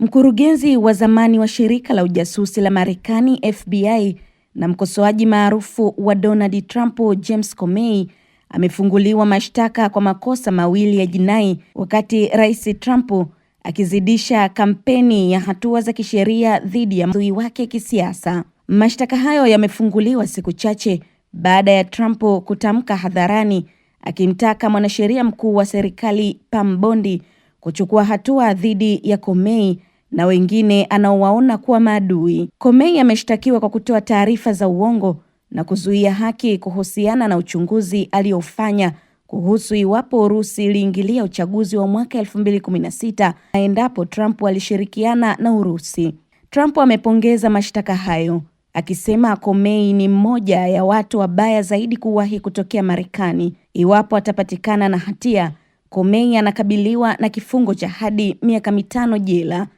Mkurugenzi wa zamani wa shirika la ujasusi la Marekani FBI na mkosoaji maarufu wa Donald Trump James Comey amefunguliwa mashtaka kwa makosa mawili ya jinai wakati Rais Trump akizidisha kampeni ya hatua za kisheria dhidi ya mdui wake kisiasa. Mashtaka hayo yamefunguliwa siku chache baada ya Trump kutamka hadharani akimtaka mwanasheria mkuu wa serikali Pam Bondi kuchukua hatua dhidi ya Comey na wengine anaowaona kuwa maadui. Comey ameshtakiwa kwa kutoa taarifa za uongo na kuzuia haki kuhusiana na uchunguzi aliyofanya kuhusu iwapo Urusi iliingilia uchaguzi wa mwaka 2016 na endapo Trump alishirikiana na Urusi. Trump amepongeza mashtaka hayo akisema Comey ni mmoja ya watu wabaya zaidi kuwahi kutokea Marekani. Iwapo atapatikana na hatia, Comey anakabiliwa na kifungo cha hadi miaka mitano jela.